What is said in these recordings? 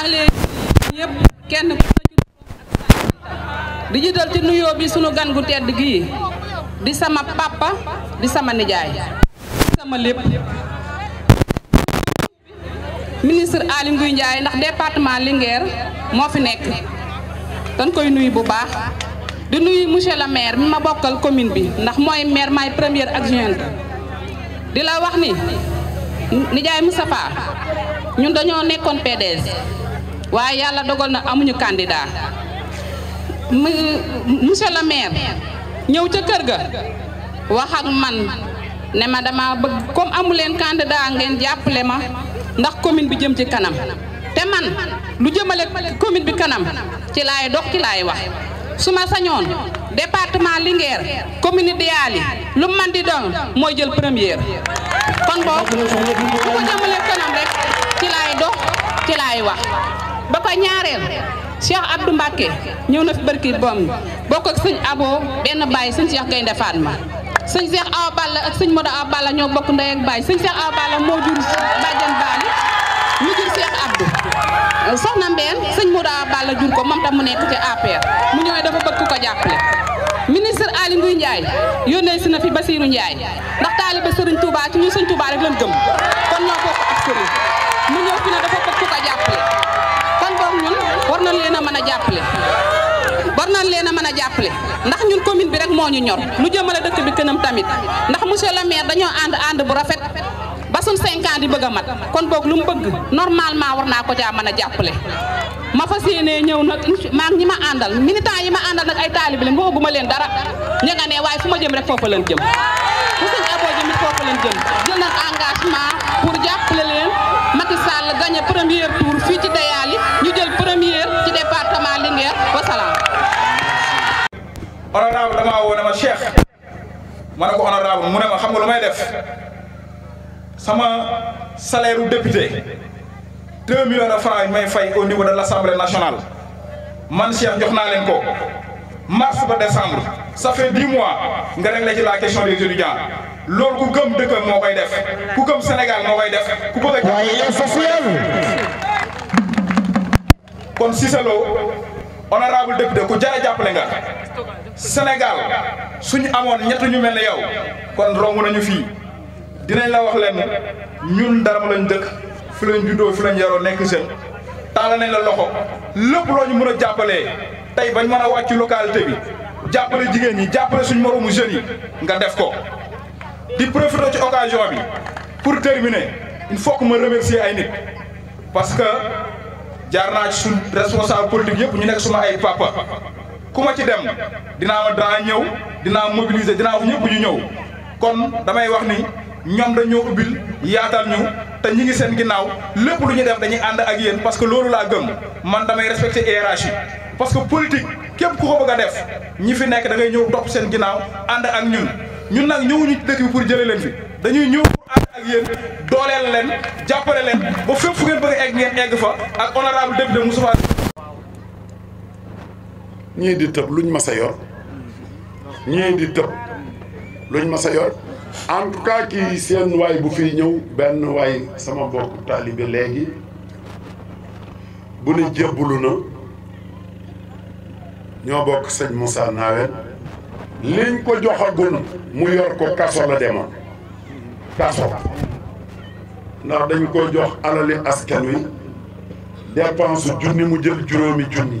maa ngi kenn di ci nuyoo bi sunu gan gu tedd di sama papa di sama nijaay sama lépp ministre Aly Ngouille Ndiaye ndax département Linguère moo fi nekk dañ koy nuyu bu baax di nuyu monsieur le maire mi ma commune bi ndax maire premier adjoint di la wax ni nijaay Moustapha ñun dañoo nekkoon PDS waaye yàlla dogal na amuñu candidat monsieur le maire ñëw ca kër ga wax man ne ma dama bëgg comme amu leen candidat ngeen jàppale ma ndax commune bi jëm ci kanam te man lu jëmale commune bi kanam ci lay dox ci laay wax su ma sañoon département Linguère commune Diyali lu man di mooy jël première kon boobu ko jëmale kanam rek ci laay dox ci laay wax ba ko ñaareel Cheikh Abdou Mbacke ñëw na fi barki boom bokk ak sëñ Abo benn baay sëñ Cheikh Gaynde Fatma sëñ Cheikh Awa Balla ak sëñ Modou Awa Balla ñoo bokk ndey ak baay sëñ Cheikh Awa Balla moo jur bàjjan Bali mu jur Cheikh Abdou soxna jur ko moom tam mu nekk ci APR mu ñëwee dafa bëgg ku ko jàppale ministre Aly Ngouille Ndiaye yónnee si na fi Basirou Ndiaye ndax taalibe sëriñ Touba ci ñun sëñ Touba rek lañ gëm kon ñoo bokk ak sëriñ mu ñëw fi ne dafa bëgg ko jàppale mëna jappalé war nañ leen a mën ndax ñun commune bi rek moo ñu ñor lu jëmale dëkk bi kanam tamit ndax monsieur le maire dañoo and and bu rafet ba suñ cinq ans di bëgg mat kon bok lu mu bëgg normalement war naa ko ja mëna jappalé ma fasiyene ñew nak ma maa ngi ñi ma àndal militant yi ma andal nak ay talib lañ waxu ma leen dara ña nga ne waaye jëm rek fofu leen jëm fu suñ aboo jëmit leen jëm jël nak engagement pour jappalé leen honorable damaa woo ne ma cheikh ma ne ko honorable mu ne ma xam nga lu may def sama salaire u député deux millions de francs may fay au niveau de l'Assemblée nationale man cheikh jox naa leen ko mars ba décembre ça fait mois nga réglé ci la question des étudiants moo koy def ku gëm Sénégal koy def ku bëgg a. waaye yow kon Cissé honorable député ku jar a jàppale nga Sénégal suñu amoon ñett ñu mel ne yow kon romb nañu fii dinañ la wax leen ñun dara lañ dëkk fi lañ juddoo fi lañ yaroo nekk jeune tàllal nañ la loxo lépp loo ñu mën a jàppalee tey bañ mën a wàcc localité bi jàppale jigéen ñi jàppale suñu moroomu jeunes yi nga def ko. di profiter ci occasion bi pour terminer il faut que ma remercier ay nit parce que jaar naa ci suñ responsable politique yëpp ñu nekk suma ay papa. ku ma ci dem dinaa ma dinaa ñëw dinaa mobiliser dinaa wax ñëpp ñu ñëw kon damay wax ni ñoom dañoo ubbil yaatal ñu te ñi ngi seen ginnaaw lépp lu ñu def dañuy ànd ak yéen parce que loolu laa gëm man damay respecté hiérarchie parce que politique képp ku ko bëgg a def ñi fi nekk dangay ngay ñëw topp seen ginnaaw ànd ak ñun ñu nag ñëwuñu ci dëkk bi pour jëlee leen fi dañuy ñëw pour ànd ak yéen dooleel leen jàppale leen ba fépp fu ngeen bëgg a egg ngeen egg fa ak honorable député Moustapha ñii di tëb luñ mas a yor ñii di tëb luñ mas a yor seen waay bu fi ñëw benn waay sama bokk taalibe léegi bu ne jébbalu na ñoo bokk sëñ Moussa Nawel liñ ko joxagun mu yor ko kaso la demoon kaso ndax dañ ko jox alali askan wi dépense junni mu jël juróomi junni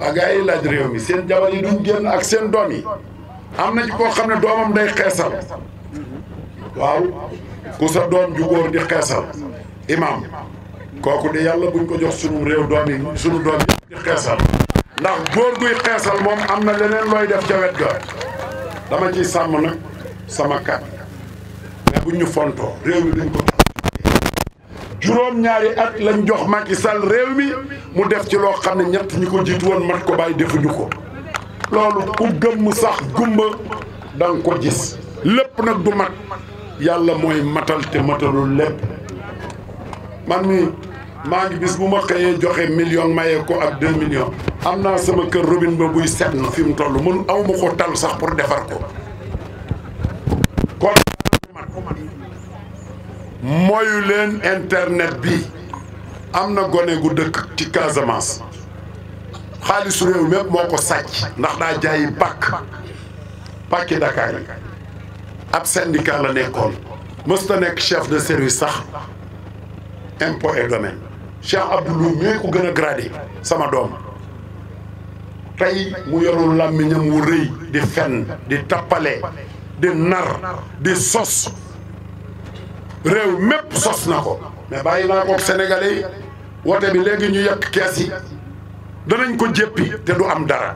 waa gars yi laaj réew mi seen jabar yi duñ génn ak seen doom yi am na ci koo xam ne doomam day xeesal waaw ku sa doom ju góor di xeesal imaam kooku de yàlla buñ ko jox sunu réew doom yi sunu doom yi di xeesal ndax góor guy xeesal moom am na leneen looy def ca wet ga dama ciy sàmm nag sama kat mais buñ ñu fontoo réew mi duñ ko juróom-ñaari at lañ jox Macky réew mi mu def ci loo xam ne ñett ñi ko jiitu woon mat ko bàyyi defuñu ko loolu ku gëmm sax gumba da ko gis lépp nag du mat yàlla mooy matal te matalul lépp man mi maa ngi bis bu ma xëyee joxe million mayee ko ak deux million am naa sama kër robine ba buy set na fi mu toll mënu aw ma ko tal sax pour defar ko mooyu leen internet bi am na gone gu dëkk ci Casamance xaalisu réew mépp moo ko sàcc ndax daa jaayi pàkk pàkki Dakar yi ab syndicat la nekkoon mës nekk chef de service sax impôt et domaine Cheikh Abdoulou ñooy ko gën a sama doom tey mu yorul làmmiñam wu rëy di fenn di tappale di nar di sos réew mépp sos na ko mais bàyyi naa ko sénégalais yi woote bi léegi ñu yekk kees yi danañ ko jéppi te du am dara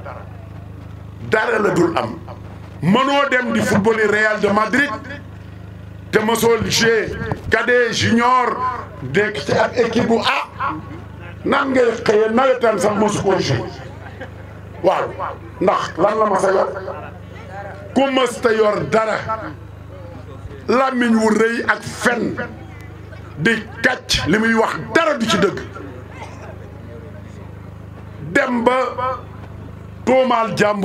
dara la dul am mënoo dem di football Real de Madrid te mësoo jouer cadet junior dekk ci ak équipe bu ah nan ngay xëye sax mësu koo waaw ndax lan la ma sa yor ku mës yor dara La wu rëy ak fen di les li muy wax dara du ci deug dem ba ni am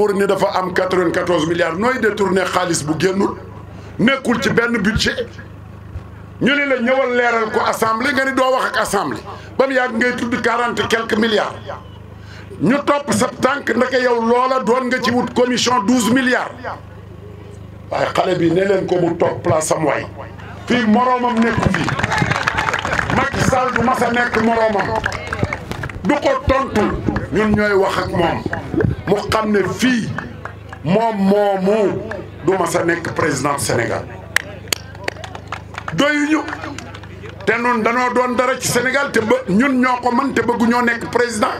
94 milliards nooy détourné khalis bu génnul nekul ci budget ñu ne la ñëwal leeral ko assemblée nga ni wax ak assemblée bam yaag ngay quarante quelques milliards ñu top sa yow doon nga ci wut commission 12 milliards waaye xale bi ne leen ko mu toog place am waay fii moroomam nekku fii Macky Sall du mas a nekk moroomam du ko tontu ñun ñooy wax ak moom mu xam ne fii moom moomu du mas nekk président Sénégal doyuñu te ñun danoo doon dara ci Sénégal te ba ñun ñoo ko mën te bëgguñoo nekk président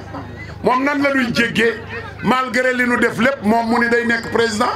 moom nan la ñuy jéggee malgré li nu def lépp moom mu ni day nekk président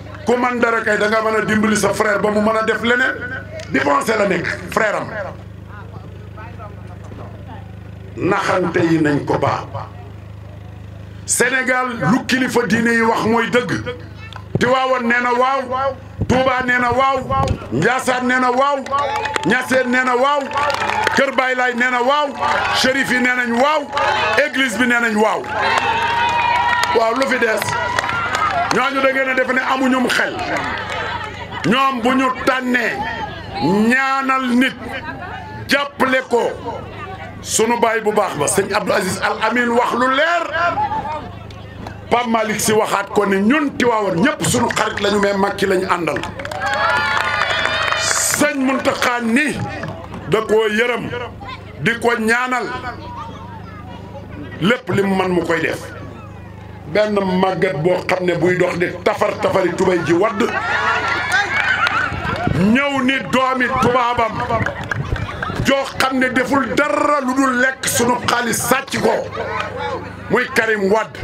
ku man dara kay da nga mën a dimbali sa frère ba mu mën a def leneen dépensé la nekk frère naxante yi nañ ko baax Sénégal lu kilifa diine yi wax mooy dëgg Tiwaawan nee na waaw Touba nee na waaw Ndiassane nee na waaw Niassène nee na waaw Kër Baay Laay nee na waaw Chérif yi nee nañ waaw église bi nee nañ waaw waaw lu fi des ñooñu da ngeen a def ne amuñum xel ñoom bu ñu tànnee ñaanal nit jàppale ko sunu baay bu baax ba sëñ Abdou Aziz Al Amin wax lu leer Pape si waxaat ko ni ñun Tiwaawan ñëpp sunu xarit lañu mais Macky lañu àndal sëñ Muntaxa ni da koo yërëm di ko ñaanal lépp li mu man mu koy def benn màggat boo xam ne buy dox di tafar tafari tubay ji wadd ñëw ni doomi tubaabam joo xam ne deful dara lu dul lekk sunu xaalis sàcc ko muy Karim Wade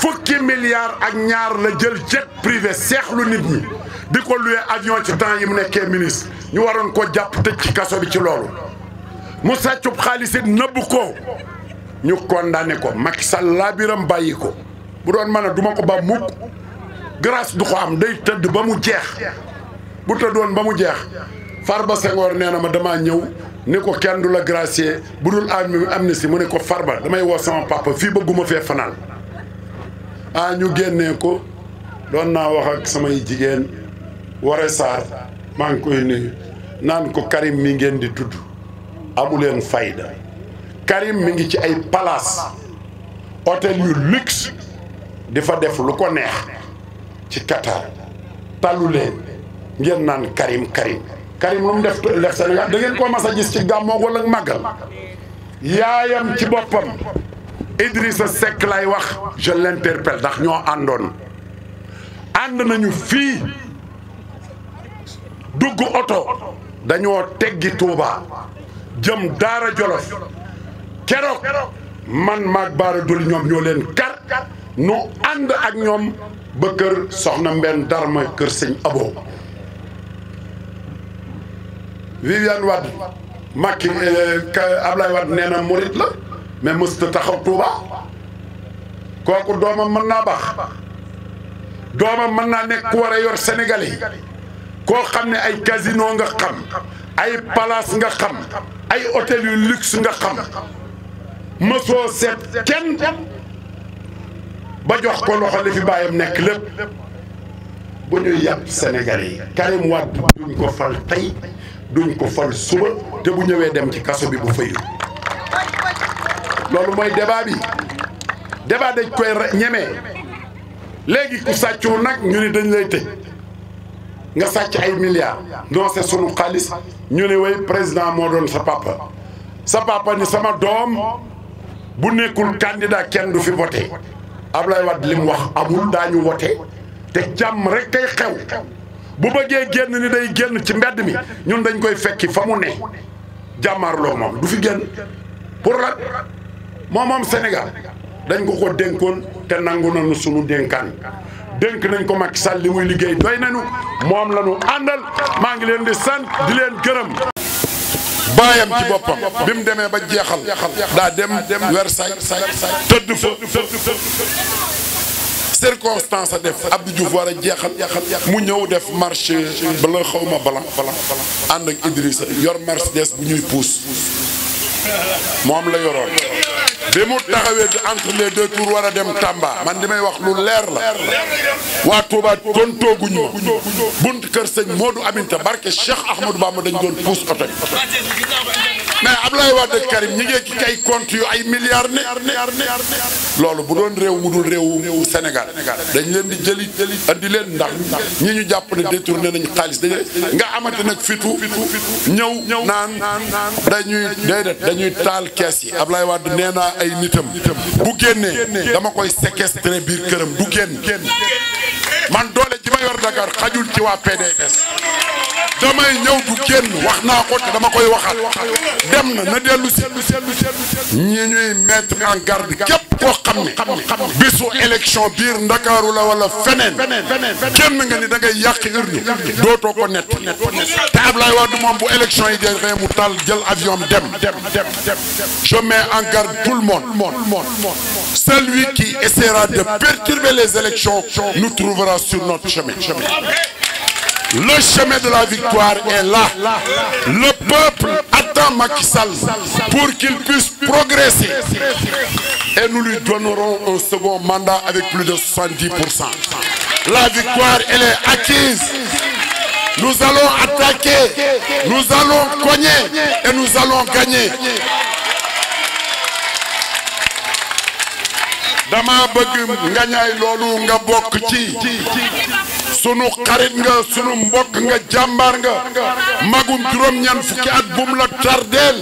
fukki milliards ak ñaar la jël jet privé seexlu nit ñi di ko luwe avion ci temps yi mu nekkee ministre ñu waroon ko jàpp tëj ci kaso bi ci loolu mu sàccub xaalis it nëbb ko ñu condamné ko Macky Sall laabiram bàyyi ko bu doon mën a du ma ko ba mukk grâce du ko am day tëdd ba mu jeex bu tëddoon ba mu jeex far Farba Senghor nee na ma damaa ñëw ni ko kenn du la gracier bu dul am na si mu ne ko Farba damay woo sama papa fii bëgguma fee fanaan ah ñu génnee ko doon naa wax ak samay jigéen Waré Sarr maa ngi koy nuyu naan ko Karim mi ngeen di tudd amuleen fayda Karim mi ngi ci ay palace hôtel yu luxe difa def lu ko neex ci Qatar talu len ngeen nan Karim Karim Karim lu def def lex da ngeen ko massa a gis ci gàmmoog wala magal yaayam ci bopam Idrissa sek lay wax je l'interpelle ndax ño andone and nañu fi dugg auto dañoo teggi Touba jëm Daara Jolof kérok man maag Baara dul ñom ñoo leen kar nu ànd ak ñoom ba kër soxna mbenn darma kër sëñ abo Viviane Wade Macky eh, Ablaye Wade nee na la mais mësta taxaw Touba kooku doomam mën naa baax doomam mën naa nekk ku war a yor Sénégal koo xam ne ay casino nga xam ay palace nga xam ay hôtel yu luxe nga xam mësoo seet kenn ba jox ko loxo li fi bàyyam nekk lépp bu ñuy yàpp Sénégal yi Karim Wade duñ ko fal tey duñ ko fal suba te bu ñëwee dem ci kaso bi bu fëyu loolu mooy débat bi débat dañ koy ñemee léegi ku sàccul nag ñu ne dañ lay tëj nga sàcc ay milliards non c'est sunu xaalis ñu ne way président moo doon sa papa sa papa ni sama doom bu nekkul candidat kenn du fi voté ab Wade li mu wax amul daañu wote te jàmm rek kay xew bu bëggee génn ni day génn ci mbedd mi ñun dañ koy fekki fa mu ne jàmmarloo moom du fi génn pour la moom moom Sénégal dañ ko ko dénkoon te nangu nañu sunu dénkaan dénk nañ ko Macky Sall li muy liggéey doy nañu moom lañu àndal maa ngi leen di sant di leen gërëm baayam ci boppam bi mu demee ba jeexal daa dem Versailles tëdd fa circonstance a def Abdou Diouf war a jeexal mu ñëw def marché bala xaw ma bala ànd ak Idrissa yor Mercedes bu ñuy puus moom la yoroon bi mu taxawee entre les deux tours war a dem Tamba man di may wax lu leer la waa Touba tontooguñ ma bunt kër sëñ Modou Aminta barke Cheikh Ahmadou Bamba dañ doon puus oto mais Ablaye Wade Karim ñi ngi ci ay compte yu ay milliards ne loolu bu doon réew mu dul réew Sénégal dañ leen di jëli jëli andi leen ndax ñi ñu jàpp ne détourné nañu xaalis dañ nga amati nag fitu ñëw naan dañuy déedéet dañuy taal kees yi ab lay Wade nee naa ay nitam bu génnee dama koy séquestrer biir këram du génn man doon yor Dakar xajul ci wa PDS damay ñëw du kenn waxna ko te dama koy waxal dem na na dellu si ñi ñuy mettre en garde kep ko xamni bisu election bir dakar la wala fenen kenn nga ni da ngay yàq urne doto ko net te Ablaye Wade moom bu election yi jeexee mu tal jël avion dem je mets en garde tout le monde celui qui essaiera de perturber les élections nous trouvera sur notre chemin le chemin de la victoire est là. Le peuple attend Macky Sall pour qu'il puisse progresser. Et nous lui donnerons un second mandat avec plus de 70%. La victoire, elle est acquise. Nous allons attaquer, nous allons cogner et nous allons gagner. dama sunu xarit nga sunu mbokk nga jàmbaar nga magum juróom-ñan fukki at bum la tardeel